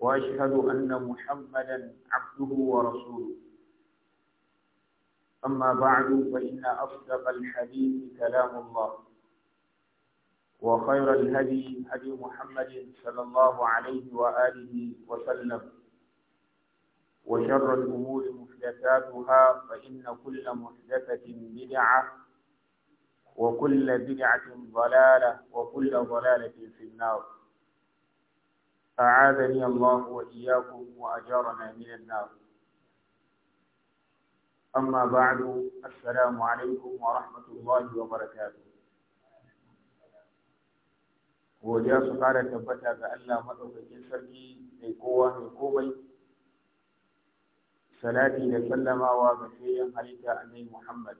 وأشهد أن محمدا عبده ورسوله أما بعد فإن أصدق الحديث كلام الله وخير الهدي هدي محمد صلى الله عليه وآله وسلم وشر الأمور محدثاتها فإن كل محدثة بدعة وكل بدعة ضلالة وكل ضلالة في النار أعاذني الله وإياكم وأجارنا من النار أما بعد السلام عليكم ورحمة الله وبركاته godiya su kara tabbata ga Allah maɗaukakin sarki mai kowa mai komai salati da sallamawa ga sayan halitta annabi Muhammad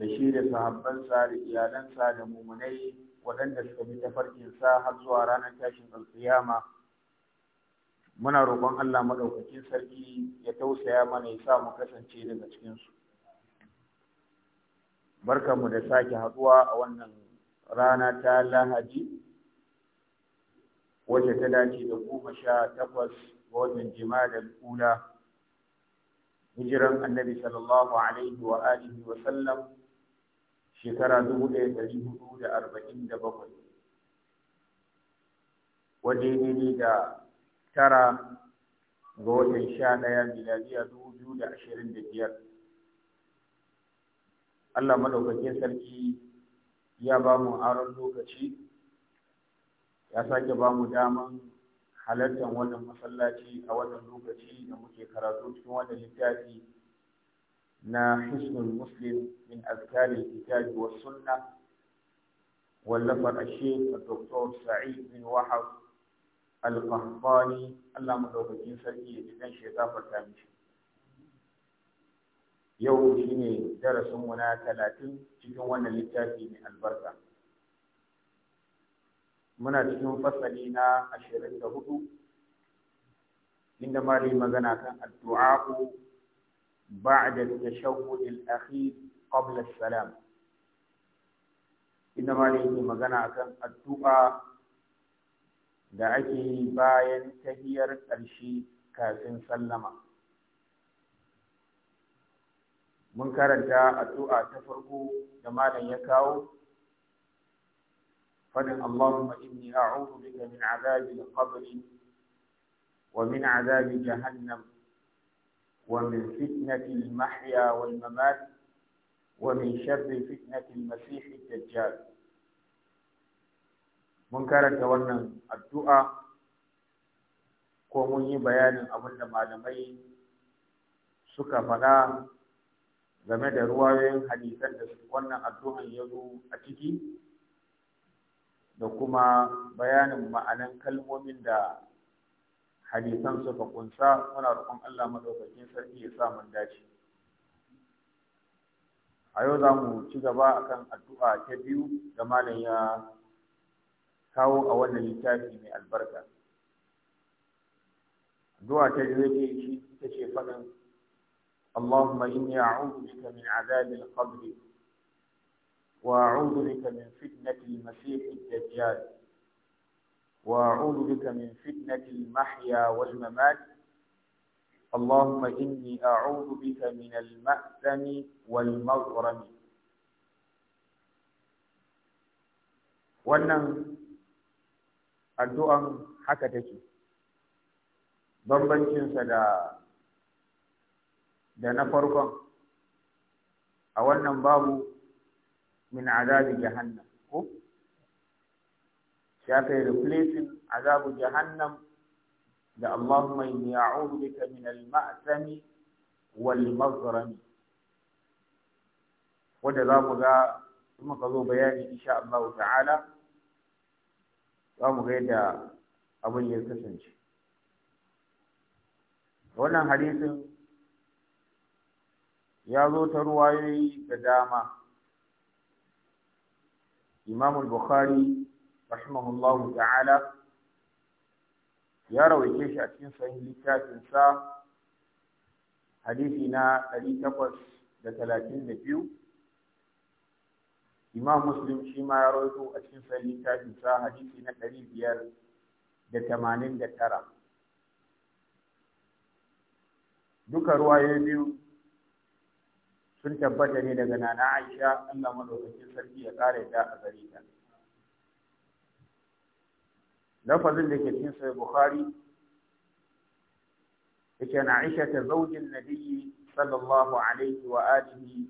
da shi da sahabbansa da iyalansa da mumunai waɗanda suka bi ta tafarkinsa har zuwa ranar tashin alkiyama muna roƙon Allah maɗaukakin sarki ya tausaya mana ya sa mu kasance daga cikinsu mu da sake haɗuwa a wannan rana ta lahadi wacce ta dace da goma sha takwas ga watan jima'a ula hijiran annabi sallallahu alaihi wa alihi wa sallam shekara dubu ɗaya ɗari hudu da arba'in da bakwai waje ne da tara ga watan sha ɗaya miladiya dubu biyu da ashirin da biyar Allah madaukakin sarki ya ba mu aron lokaci ya sake ba mu daman halartar wannan masallaci a wannan lokaci da muke karatu cikin wannan littafi na hisnul muslim min azkari kitabi wa sunna wallafar ashek dr sa'id bin wahab alƙahbani allah madaukakin sarki ya cikin shekafar ta mishi yau shine darasinmu na talatin cikin wannan littafi mai albarka muna cikin fasali na ashirin da hudu inda mali magana kan addu'a'u Ba a بعد التشهد الأخير قبل السلام إنما ليه magana akan addu'a da ake yi bayan tahiyar ɗarshe kafin sallama. Mun karanta addu'a ta farko da malam ya kawo, faɗin Allahumma inni a'udhu bika min azabi al-qabri wa min azabi jahannam ومن فتنة المحيا والممات ومن شر فتنة المسيح الدجال mun karanta wannan addu'a ko mun yi bayanin abunda malamai suka faɗa game da ruwayoyin hadisan da wannan addu'an ya zo a ciki da kuma bayanin ma'anan kalmomin da hadisan suka kunsa muna roƙon Allah madaukakin sarki ya sa mun dace a yau za mu ci gaba akan addu'a ta biyu da malam ya kawo a wannan littafi mai albarka addu'a ta biyu ce ta ce faɗin اللهم إني أعوذ بك من عذاب القبر وأعوذ بك من فتنة المسيح الدجال وأعوذ بك من فتنة المحيا والممات اللهم إني أعوذ بك من المأثم والمغرم wannan addu'an haka take bambancinsa da da na farkon a wannan babu min azabi jahannam ko ya kai replacing azabu jahannam da Allahumma inni a'udhu bika min al-ma'sami wal mazrami. wanda za mu ga kuma ka zo bayani insha Allah ta'ala za mu ga yadda abin ya kasance wannan hadisin ya zo ta ruwayoyi da dama imam al-bukhari rahimahullahu ta'ala ya rawaice shi a cikin sahihin littafin sa hadisi na 832 imam muslim shi ma ya rawaito a cikin sahihin littafin sa hadisi na 589 duka ruwaye biyu sun tabbata ne daga nana Aisha Allah madaukakin sarki ya kare ta a gare ta lafazin da ke cikin sahih bukhari yake na aisha ta zaujin nabiyyi sallallahu alaihi wa alihi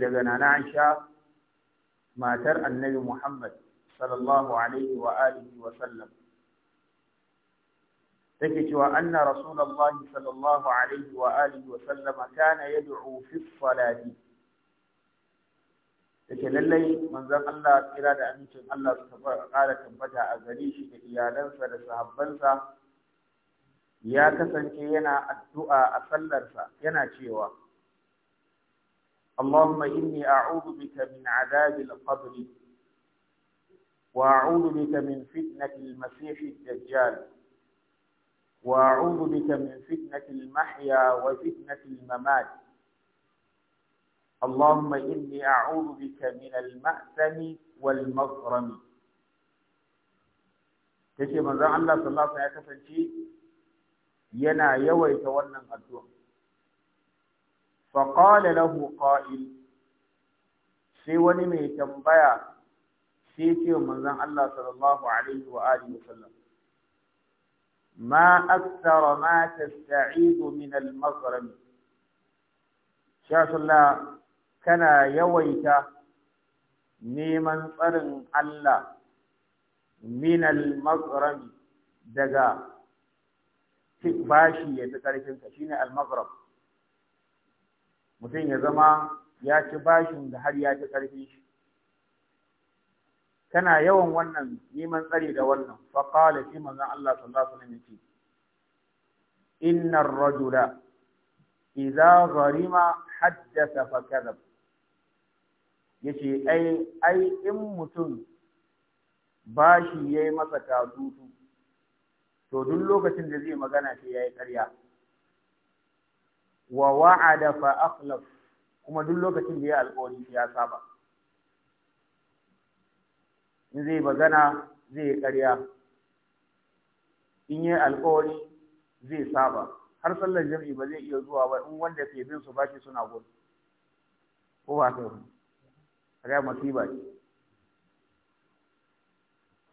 daga nana matar annabi muhammad sallallahu alaihi wa alihi wa sallam take cewa anna rasulullahi sallallahu alaihi wa alihi yake lallai manzon Allah kira da amincin Allah su ƙara tabbata a gare shi da iyalansa da sahabbansa ya kasance yana addu'a a sallarsa yana cewa Allahumma inni a'udhu bika min adabil qabri wa a'udhu bika min fitnatil masih dajjal wa a'udhu bika min fitnatil mahya wa fitnatil mamat اللهم إني أعوذ بك من المأثم والمغرم تشي من ذا الله صلى الله عليه وسلم ينا يوي تولنا الدعاء فقال له قائل سيوني مي تنبيا سيتي من ذا الله صلى الله عليه وآله وسلم ما أكثر ما تستعيد من المغرم شاء الله kana yawaita neman tsarin Allah minal maghrami daga bashi ya fi ƙarfinka ne al-maghrab mutum ya zama ya ci bashin da har ya ci ƙarfi shi kana yawan wannan neman tsari da wannan fa qala shi manzon Allah sallallahu alaihi wasallam yace inna ar-rajula idza gharima haddatha fa kadhaba yace ai ai in mutum ba bashi yayi masa katutu to duk lokacin da zai magana sai yayi ƙarya wa wa'ada fa akhlaf kuma duk lokacin da ya alƙawari ya saba in zai magana zai yi ƙarya in yi alƙawari zai saba har sallar jam'i ba zai iya zuwa ba in wanda ke bin su bashi suna gudu ko ba kaga musiba ce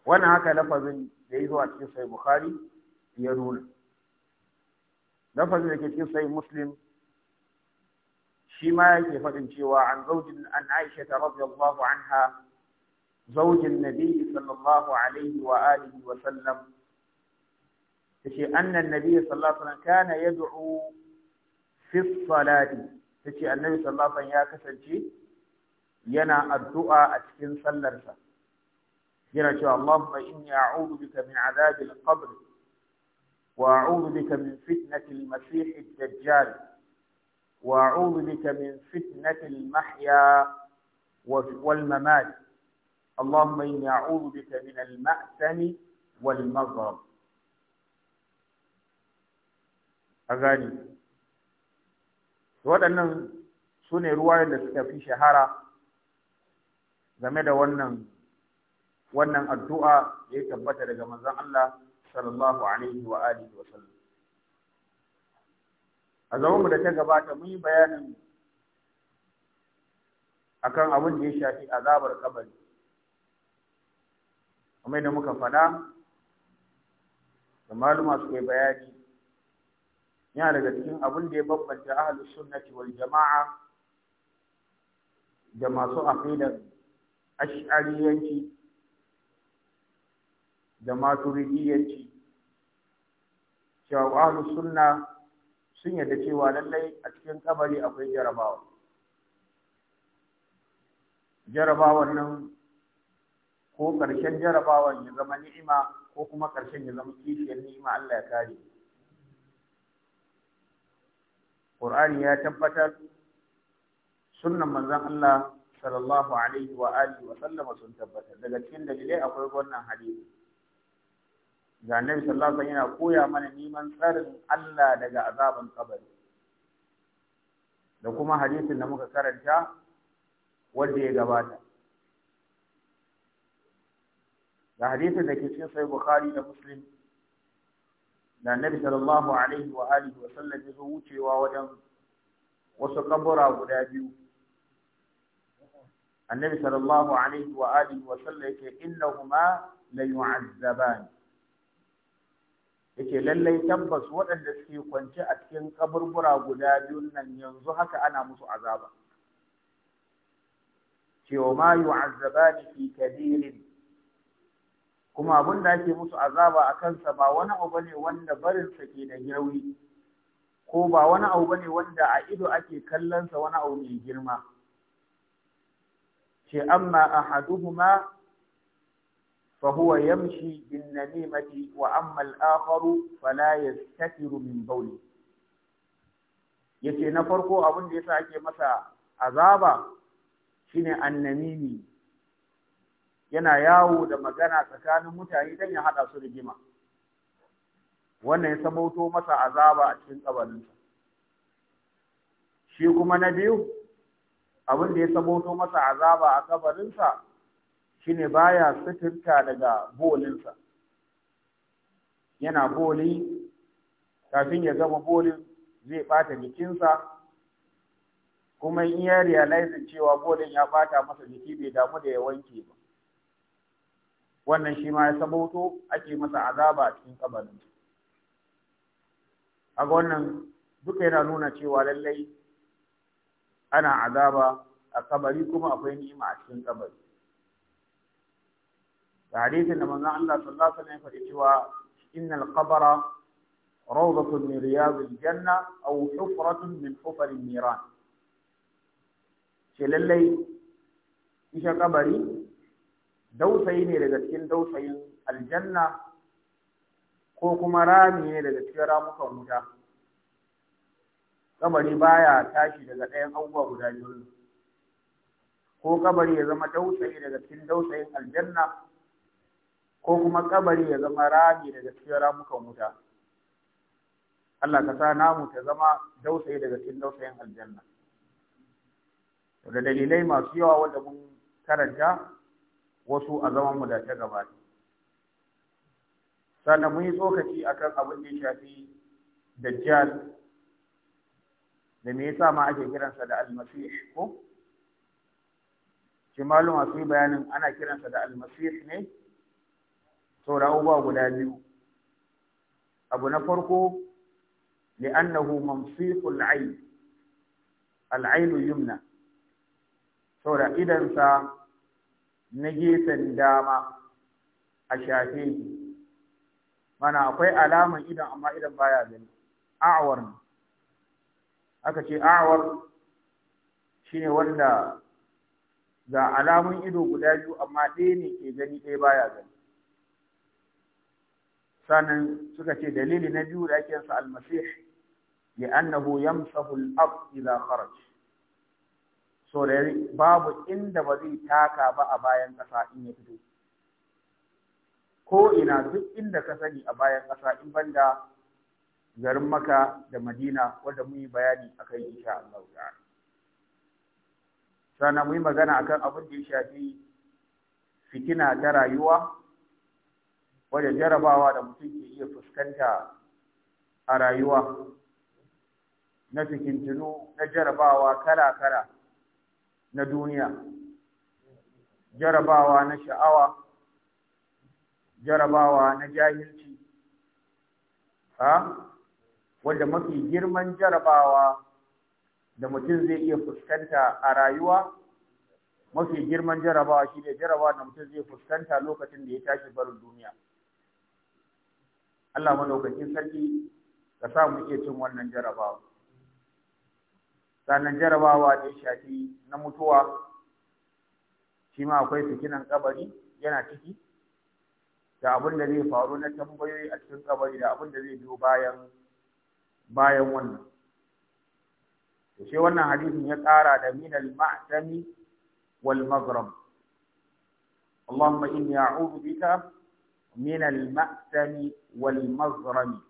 wannan haka lafazin da ya zo a cikin sai bukhari ya nuna lafazin da ke cikin sai muslim shi ma yake faɗin cewa an zaujin an aisha ta radiyallahu anha zaujin nabi sallallahu alaihi wa alihi wa sallam tace annan nabi sallallahu alaihi wa sallam kana yad'u fi salati ce annabi sallallahu alaihi wa sallam ya kasance yana addu'a a cikin sallarsa yana cewa Allahumma inni a'udhu bika min adhabil qabr wa a'udhu bika min fitnatil masih ad-dajjal wa a'udhu bika min fitnatil mahya wal mamat Allahumma inni a'udhu bika min al-ma'sami wal maghrib agani waɗannan su ne ruwayen da suka fi shahara game da wannan wannan addu'a da ya tabbata daga manzon Allah sallallahu alaihi wa alihi wa sallam a zaman da ta gabata mun yi bayanin akan abin da ya shafi azabar kabari Kuma da muka faɗa da maluma su kai bayani yana daga cikin abin da ya bambanta ahlus sunnati wal jama'a da masu aqidar ash'ariyanci da maturidiyanci cewa sunna sun yadda cewa lallai a cikin kabari akwai jarabawa jarabawan nan ko ƙarshen jarabawan ya zama ni'ima ko kuma ƙarshen ya zama kishiyar ni'ima Allah ya kare Qur'ani ya tabbatar sunnan manzon Allah sallallahu alaihi wa alihi wa sallama sun tabbata daga cikin dalilai akwai wannan hadisi ga annabi sallallahu alaihi yana koya mana neman tsarin Allah daga azaban kabari da kuma hadisin da muka karanta wanda ya gabata da hadisin da ke cikin sai bukhari da muslim da annabi sallallahu alaihi wa alihi wa sallam ya wucewa wajen wasu kabura guda biyu annabi sallallahu alaihi wa alihi wa sallam yake innahuma la yu'azzaban yake lallai tabbas waɗanda suke kwance a cikin kaburbura guda biyun nan yanzu haka ana musu azaba cewa ma yu'azzabani fi kabirin kuma abin da ake musu azaba a kansa ba wani abu bane wanda barinsa ke da girwi ko ba wani abu bane wanda a ido ake kallonsa wani abu mai girma ce amma ahaduhuma ma. Fahuwa yamshi bin namimati wa amma al-akharu ya yastatiru min Ya yace na farko abin da ya sa ake masa azaba shine annamimi yana yawo da magana tsakanin mutane don ya haɗa su rigima wannan ya samauto masa azaba a cikin kabarinsa shi kuma na biyu abin da ya saboto masa azaba a kabarinsa shine baya sitirta daga bolinsa yana boli kafin ya gama bolin zai bata jikinsa kuma in ya realize cewa bolin ya bata masa jiki bai damu da ya wanke ba wannan shi ma ya saboto ake masa azaba a cikin kabarinsa. a wannan duka yana nuna cewa lallai ana azaba a kabari kuma akwai ni'ima a cikin kabari da hadisin da manzon Allah sallallahu alaihi wasallam ya faɗi cewa innal qabra rawdatun min riyadil janna aw hufratun min hufarin niran ce lallai isha kabari dausayi ne daga cikin dausayin aljanna ko kuma rami ne daga cikin ramukan wuta kabari baya tashi daga ɗayan abubuwa guda biyu ko kabari ya zama dausayi daga cikin dausayin aljanna ko kuma kabari ya zama rami daga cikin ramukan wuta Allah ka sa namu ta zama dausayi daga cikin dausayin aljanna da dalilai masu yawa wanda mun karanta wasu a zaman mu da ta gabata sannan mun yi tsokaci akan abin da ya shafi dajjal da me yasa ma ake kiransa da almasih ko shi maluma su bayanin ana kiransa da almasih ne saura uba guda biyu abu na farko li'annahu mamsihul ayn al'ainu yumna saura idansa na gefen dama a shafe mana akwai alaman idan amma idan baya gani a'awar aka ce awar shine wanda ga alamun ido guda biyu amma ɗaya ne ke gani ɗaya baya gani sannan suka ce dalili na biyu da ake yansa almasih annahu yamsahu al ab idha kharaj so da babu inda ba zai taka ba a bayan ƙasa in ya fito ko ina duk inda ka sani a bayan ƙasa in banda garin maka da madina wanda mun yi bayani a kai insha Allah ta'ala sannan mun yi magana akan abin da ya shafi fitina ta rayuwa wadda jarabawa da mutum ke iya fuskanta a rayuwa na tunu na jarabawa kala-kala na duniya jarabawa na sha'awa jarabawa na jahilci ha wanda mafi girman jarabawa da mutum zai iya fuskanta a rayuwa mafi girman jarabawa shi ne jarabawa da mutum zai fuskanta lokacin da ya tashi barin duniya Allah lokacin sarki ka sa mu iya cin wannan jarabawa sannan jarabawa da shafi na mutuwa shi ma akwai fitinan kabari yana ciki da abin da zai faru na tambayoyi a cikin kabari da abin da zai biyo bayan bayan wannan to wannan hadisin ya ƙara da min al-ma'tami wal maghrib Allahumma inni a'udhu bika min al-ma'tami wal maghrib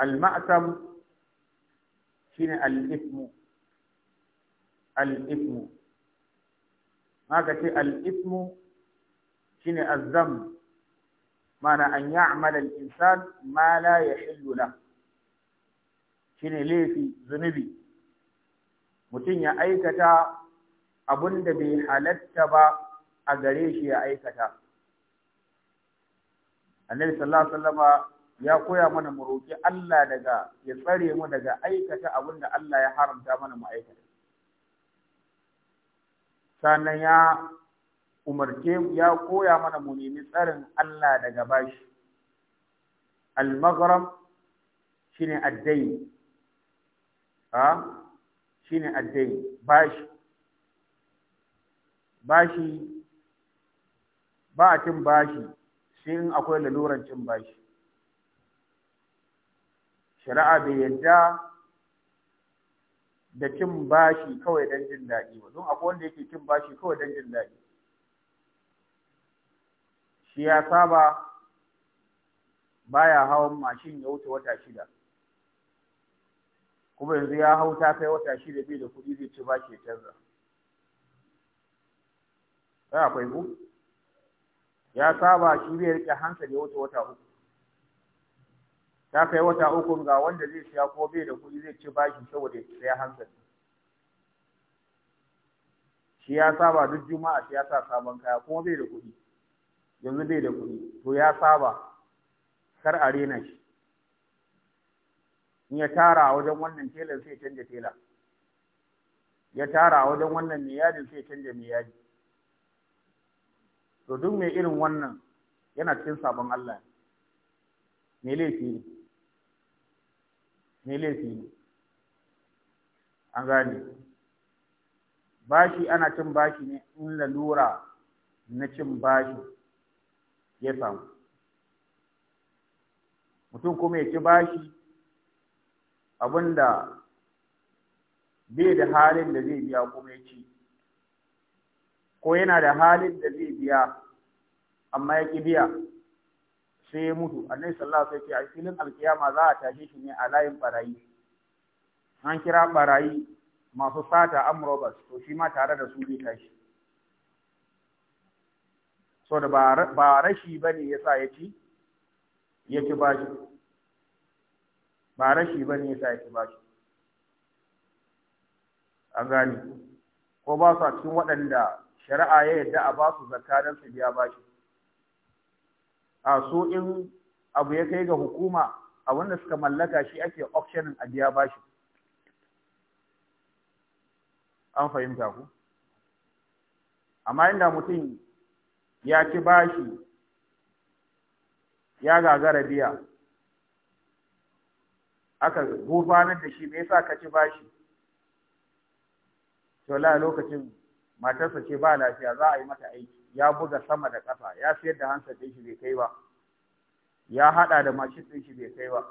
al-ma'tam shine al-ithmu al-ithmu maka ce al-ithmu shine az-zamb ma'ana an ya'mal al-insan ma la yahillu shine laifi zunubi mutum ya aikata abun da bai halatta ba a gare shi ya aikata annabi sallallahu alaihi wasallama ya koya mana mu roki Allah daga ya tsare mu daga aikata abun da Allah ya haramta mana mu aikata sannan ya umarce ya koya mana mu nemi tsarin Allah daga bashi al-maghram shine addai a shine addai bashi bashi ba a cin bashi sai in akwai laluran cin bashi shari'a bai yadda da cin bashi kawai don jin daɗi ba don akwai wanda yake cin bashi kawai don jin daɗi shi ya saba baya hawan mashin ya wuce wata shida kuma yanzu ya hau ta kai wata shida bai da kuɗi zai ci ba shi canza sai akwai ku ya saba shi bai rike hankali ya wuce wata uku ta kai wata uku ga wanda zai siya ko bai da kuɗi zai ci shi saboda ya siya hankali shi ya saba duk juma'a shi ya sa sabon kaya kuma bai da kuɗi yanzu bai da kuɗi to ya saba kar a rena shi in ya tara a wajen wannan telan sai canja tela ya tara a wajen wannan mai yadin sai canja mai to duk mai irin wannan yana cikin sabon Allah ne laifi ne laifi ne an gane bashi ana cin bashi ne in lalura na cin bashi ya samu mutum kuma ya ci bashi abinda bai da halin da zai biya kuma ya ci ko yana da halin da zai biya amma ya ki biya sai ya mutu annabi sallallahu alaihi wasallam ce a filin alkiyama za a tashe shi ne a layin barayi an kira barayi masu sata amrobas to shi ma tare da su zai tashi so da ba rashi bane yasa ya ci ya ci bashi ba rashi ba ne yasa yake bashi a gane ko ba su a cikin waɗanda shari'a ya yadda a ba su zakka don su biya bashi a so in abu ya kai ga hukuma abinda suka mallaka shi ake auctionin a biya bashi an fahimta ku amma inda mutum ya ci bashi ya gagara biya aka gofanar da shi me yasa ka ci bashi to la lokacin matarsa ce ba lafiya za a yi mata aiki ya buga sama da kafa ya sayar da hansa ɗin shi bai kai ba ya haɗa da mashin din shi bai kai ba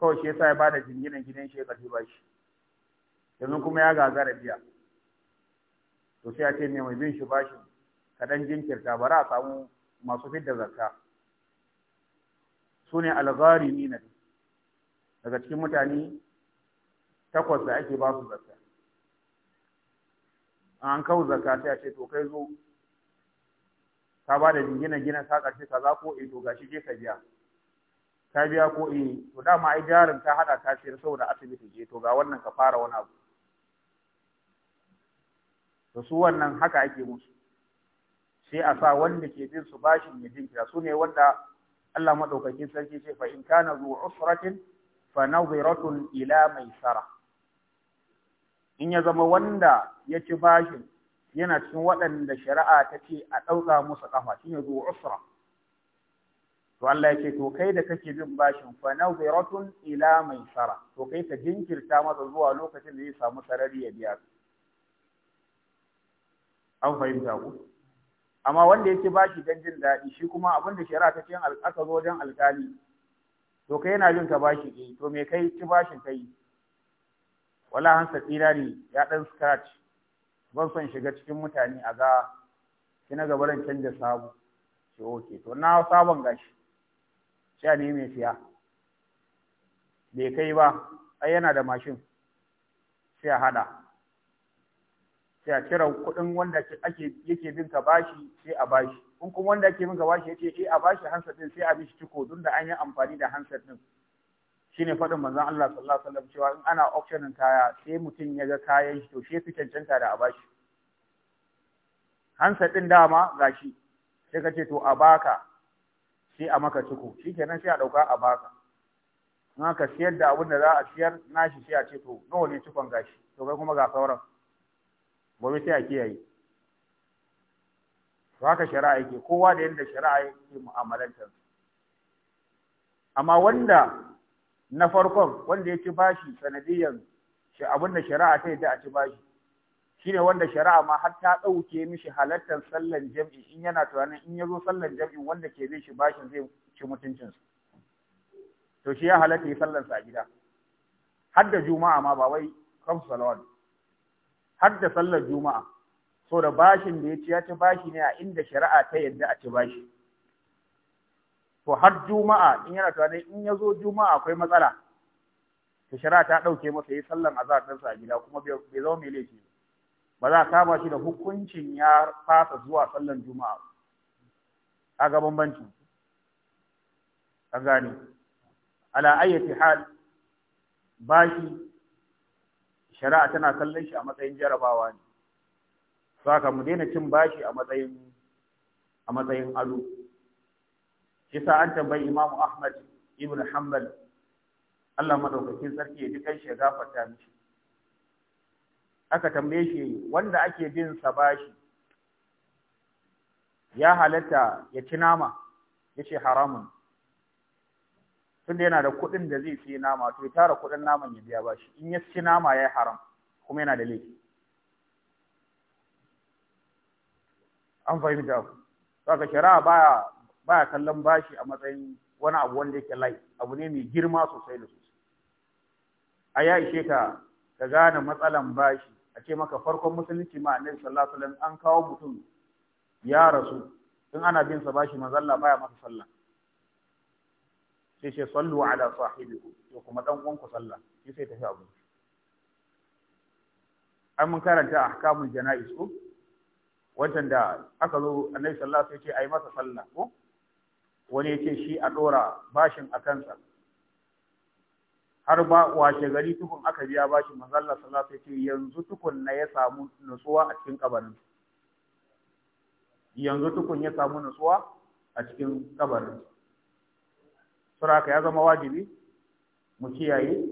kawai shi yasa ya bada jinginan gidan shi ya karfi bashi kuma ya gagara biya to sai a ce ne mai bin shi bashi kadan jinkirta bari a samu masu fidda zakka su ne algharimi daga cikin mutane takwas da ake ba su zakka an kawo zakka sai a ce to kai zo ka ba da jingina gina sa karshe kaza ko eh to gashi je ka biya ka biya ko eh to dama ai jarin ka hada ka sayar saboda asibiti je to ga wannan ka fara wani abu to su wannan haka ake musu sai a sa wanda ke bin su bashin ya jinkira su ne wanda Allah madaukakin sarki ce fa in kana zu usratin fa nadhiratun ila maisara in ya zama wanda ya ci bashin yana cikin waɗanda shari'a ta ce a ɗauka musu ƙafa, kafa ne zu usra to Allah ya ce to kai da kake bin bashin fa nadhiratun ila maisara to kai ka jinkirta masa zuwa lokacin da zai samu sarari ya biya an fahimta ku amma wanda yake ba shi don jin daɗi shi kuma abin da shari'a ta ce aka zo wajen alƙali to kai yana jin ka bashi ne, to me kai ci bashin kai wala hansa tsira ne ya ɗan scratch ban son shiga cikin mutane a ga shi na gabaran canja sabu ce to na sabon gashi sha ne mai siya bai kai ba ai yana da mashin sai a haɗa sai a kira kuɗin wanda ake yake bin ka bashi sai a bashi in kuma wanda ake bin ka bashi yace eh a bashi hansa din sai a bishi ciko duk da an yi amfani da hansa din shine faɗin manzon Allah sallallahu alaihi wasallam cewa in ana auctioning kaya sai mutum ya ga kayan shi to shi fi cancanta da a bashi Hansa din dama gashi sai ka ce to a baka sai a maka ciko shikenan sai a dauka a baka in aka siyar da abin da za a siyar nashi sai a ce to nawa ne cikon gashi to kai kuma ga sauran gobe sai a kiyaye to haka shari'a yake kowa da yanda shari'a yake mu'amalantar amma wanda na farkon wanda ya ci bashi sanadiyan shi abinda shari'a ta yadda a ci bashi shine wanda shari'a ma har ta ɗauke mishi halartar sallan jam'i in yana tunanin in ya zo sallan jam'i wanda ke zai shi bashin zai ci mutuncinsu to shi ya halatta yi sallansa a gida har da juma'a ma ba wai kamsu salawat har da sallar juma'a so da bashin da ya ci ya ci bashi ne a inda shari'a ta yadda a ci bashi to har juma'a in yana tuwa in ya zo juma'a akwai matsala to shari'a ta ɗauke masa yi sallan azhar ɗinsa a gida kuma bai zama mai laifi ba za a kama shi da hukuncin ya fasa zuwa sallar juma'a a ga bambanci a gane ala ayyati hal bashi shari'a tana kallon shi a matsayin jarabawa ne saka mu daina cin bashi a matsayin a matsayin ado shi sa an tambayi imamu Ahmad ibn Hanbal Allah madaukakin sarki ya ji ya ya gafarta mishi aka tambaye shi wanda ake bin sa bashi ya halatta ya ci nama yace haramun tunda yana da kuɗin da zai sai nama to ya tara kuɗin naman ya biya bashi in ya ci nama ya yi haram kuma yana da laifi an fahimta ku saka shari'a baya baya kallon bashi a matsayin wani abu wanda yake lai abu ne mai girma sosai da sosai a ya ishe ka ka gane matsalan bashi a ce maka farkon musulunci ma annabi sallallahu alaihi wasallam an kawo mutum ya rasu in ana bin sa bashi manzo Allah baya masa sallah sai ce sallu ala sahibihi to kuma dan uwanku sallah shi sai tafi abu an mun karanta ahkamul janaiz ko wajen da aka zo annabi sallallahu alaihi wasallam sai ce ai masa sallah ko wani yake shi a dora bashin a kansa har ba washe gari tukun aka biya bashin manzo Allah sallallahu alaihi wasallam ya ce yanzu tukun na ya samu nutsuwa a cikin kabarin yanzu tukun ya samu nutsuwa a cikin kabarin Suraka ya zama wajibi mu kiyaye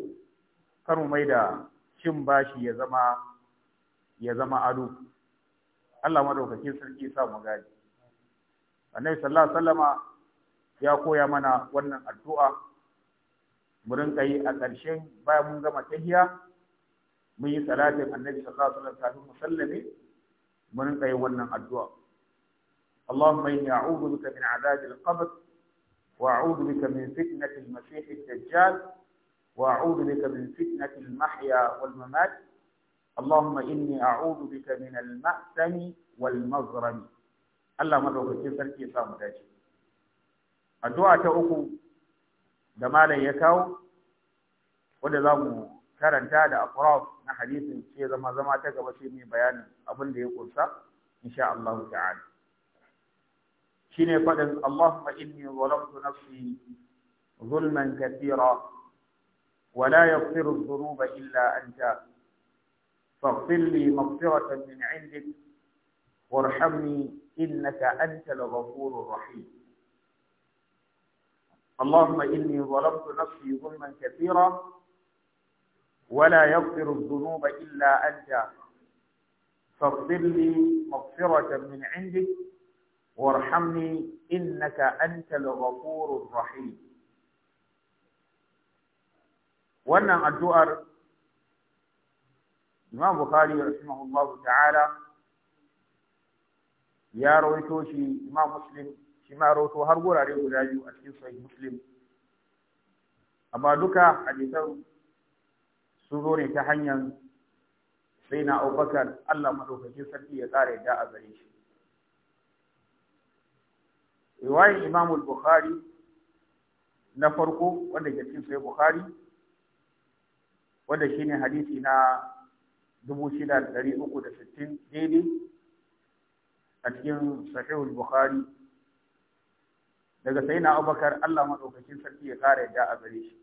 kar mu mai da cin bashi ya zama ya zama ado. Allah madaukakin sarki sa mu gani. Annabi sallallahu alaihi wasallama ya koya mana wannan addu'a mu rinka yi a ƙarshe bayan mun gama tahiya mun yi salatin annabi sallallahu alaihi wasallam kafin mu sallame mu rinka yi wannan addu'a. Allahumma inni a'udhu bika min 'adabil qabr وأعوذ بك من فتنة المسيح الدجال وأعوذ بك من فتنة المحيا والممات اللهم إني أعوذ بك من المأثم والمظرم Allah madaukakin sarki ya samu dace addu'a ta uku da malam ya kawo wanda za mu karanta da afraf na hadisin ce zama zama ta gaba shi mai bayanin abin da ya kunsa insha Allah ta'ala shine faɗin Allahumma inni zalamtu nafsi zulman kathira wa la yaghfiru dhunuba illa anta faghfir li maghfiratan min 'indik warhamni innaka antal ghafurur rahim اللهم إني ظلمت نفسي ظلما كثيرا ولا يغفر الذنوب إلا أنت فاغفر لي مغفرة من عندك warhamni innaka antal ghafurur rahim wannan addu'ar Imam Bukhari rahimahullahu ta'ala ya rawaito shi Imam Muslim shi ma rawaito har gurare guda biyu a cikin Sahih Muslim amma duka hadisan sun zo ne ta hanyar sai na Abubakar Allah madaukakin sarki ya tsare da a gare shi riwayar Imam al-Bukhari na farko wanda ke cin sai Bukhari wanda shine hadisi na 6360 daidai a cikin sahihul bukhari daga na Abubakar Allah madaukakin sarki ya kare da a gare shi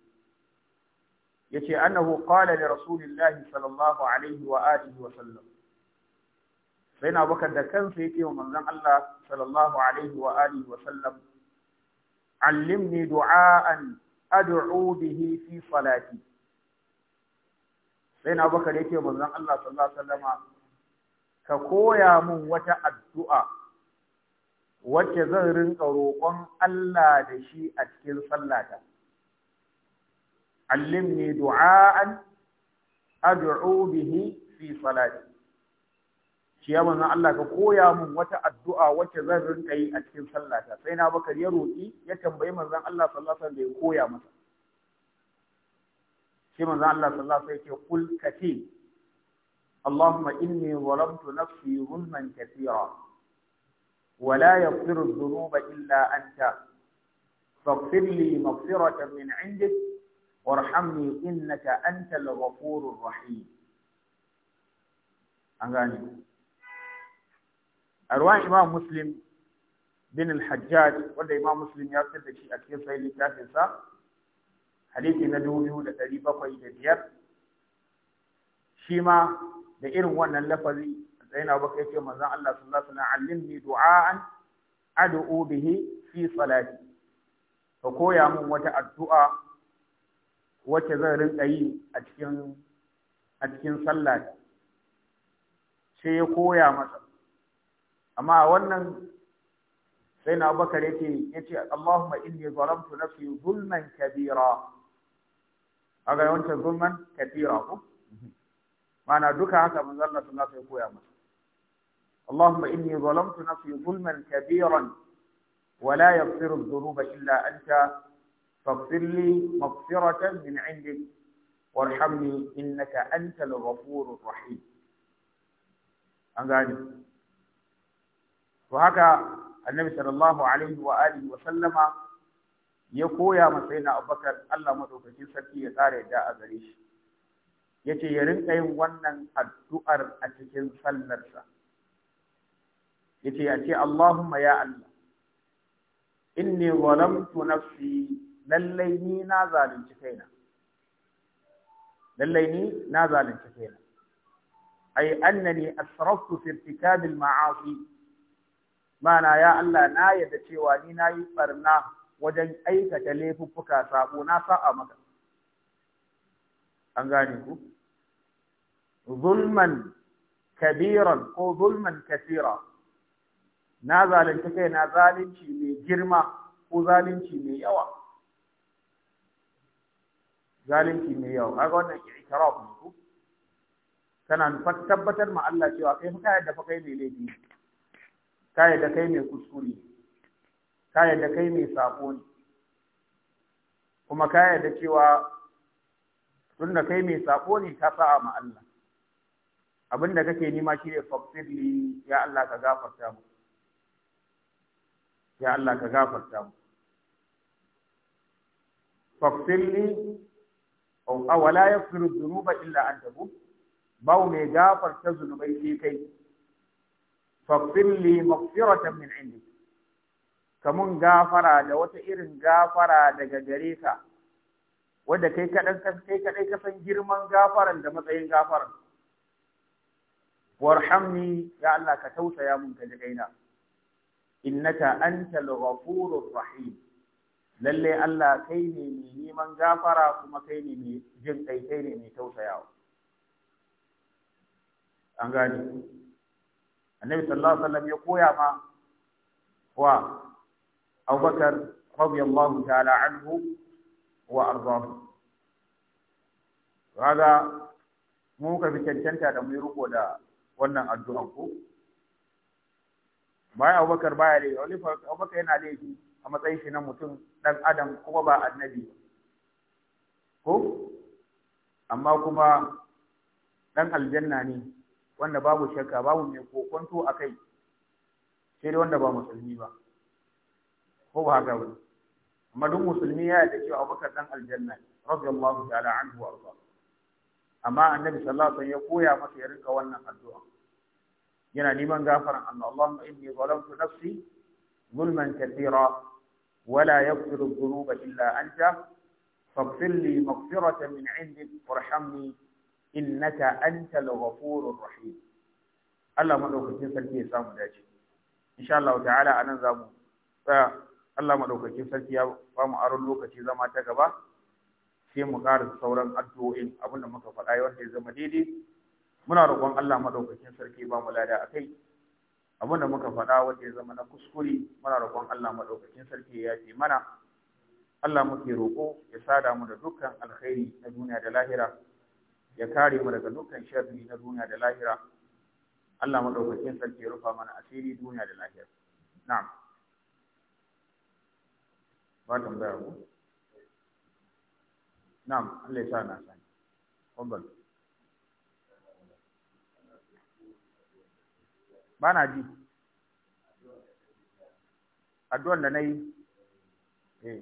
Ya ce annahu qala li rasulillahi sallallahu alaihi wa alihi wa sallam sai na bakar da kansa yake wa manzon Allah sallallahu alaihi wa alihi wa sallam allimni du'aan ad'u bihi fi salati sai na bakar yake wa manzon Allah sallallahu alaihi wa sallama ka koya mun wata addu'a wacce zan rinka roƙon Allah da shi a cikin sallata allimni du'aan ad'u bihi fi salati shi ya manzon Allah ka koya min wata addu'a wacce zan rinka yi a cikin sallata sai na bakar ya roƙi ya tambayi manzon Allah sallallahu alaihi wasallam da ya koya masa shi manzon Allah sallallahu alaihi wasallam ya ce kul kace اللهم إني ظلمت نفسي ظلما كثيرا ولا يغفر الذنوب إلا أنت فاغفر لي مغفرة من عندك warhamni innaka antal ghafurur rahim an gane a ruwan imam muslim bin al wanda imam muslim ya fitar da shi a cikin sahih littafin sa hadisi na 2705 shi ma da irin wannan lafazi zaina abubakar yace manzon Allah sallallahu alaihi wasallam allimni du'aan ad'u bihi fi salati ka koya min wata addu'a wacce zan rinka yi a cikin a sai ya koya masa amma wannan sai na abubakar yake yace Allahumma inni zalamtu nafsi zulman kabira aga yawancin zulman kabira ko mana duka haka manzo Allah sallallahu alaihi wasallam koya masa Allahumma inni zalamtu nafsi zulman kabiran wa la yaghfiru dhunuba illa anta faghfir li maghfiratan min 'indik warhamni innaka antal ghafurur rahim an gani to haka annabi sallallahu alaihi wa sallama ya koya ma sayyidina Abubakar Allah madaukakin sarki ya tsare yadda a gare shi yace ya rinka yin wannan addu'ar a cikin sallarsa yace ya ce Allahumma ya Allah inni zalamtu ni na zalunci kaina lallai ni na zalunci kaina ay annani asraftu fi irtikab al ma'asi mana ya Allah na yarda cewa ni na yi barna wajen aikata laifuffuka sabo na sa'a maka an gane ku zulman kabiran ko zulman kasira na zalunci kai na zalunci mai girma ko zalunci mai yawa zalunci mai yawa kaga wannan ke ne ku kana tabbatar ma Allah cewa kai fa yadda fa kai ne laifi ka da kai mai kuskure ka da kai mai sako ne kuma ka da cewa da kai mai sako ne ka sa'a ma Allah abin da kake nima shi ne fafirli ya Allah ka gafarta mu ya Allah ka gafarta mu fafirli aw la yaghfiru dhunuba illa anta bawo mai gafarta zunubai sai kai faghfir li maghfiratan min ka mun gafara da wata irin gafara daga gare ka Wadda kai kaɗan kai kaɗai ka san girman gafaran da matsayin gafaran warhamni ya Allah ka tausaya mun ka gaina innaka antal ghafurur rahim lalle Allah kai ne mai neman gafara kuma kai ne mai jin kai kai ne mai tausayawa an gane annabi sallallahu alaihi wasallam ya koya ma wa Abubakar radiyallahu ta'ala anhu wa ardahu kaga mu ka fi cancanta da mu riko da wannan addu'an ko bayan abubakar baya da abubakar yana laifi a matsayin shi na mutum dan adam kuma ba annabi ko amma kuma dan aljanna ne wanda babu shakka babu mai kokonto a kai sai dai wanda ba musulmi ba ko ba haka ba amma duk musulmi ya yarda cewa Abubakar dan aljanna ne radiyallahu ta'ala anhu wa arda amma annabi sallallahu alaihi wasallam ya koya masa ya rinka wannan addu'a yana neman gafaran Allah Allahumma inni zalamtu nafsi zulman katira ولا يغفر الذنوب إلا أنت فاغفر لي مغفرة من عندك وارحمني innaka antal ghafurur rahim Allah madaukakin sarki ya samu dace insha Allah ta'ala anan zamu Allah madaukakin sarki ya ba mu aron lokaci zama ta gaba sai mu ƙara sauran addu'o'in abinda muka faɗa yau ya zama daidai muna roƙon Allah madaukakin sarki ba mu lada akai abinda muka faɗa wanda ya zama na kuskure muna roƙon Allah madaukakin sarki ya ce mana Allah muke roƙo ya sada mu da dukkan alkhairi na duniya da lahira ya kare mu daga dukkan sharri na duniya da lahira Allah madaukakin sarki ya rufa mana asiri duniya da lahira na'am ba mbaya ku na'am Allah ya sa na sani wannan ba na ji addu'an da na yi eh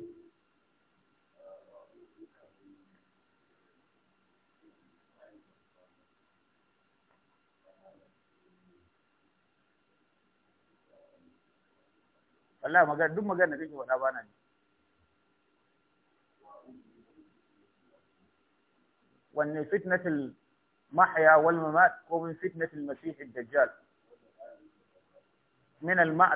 wallahi magana duk magana da kake faɗa bana ne wanne fitnatul mahya wal mamat ko min fitnatul masih ad-dajjal min al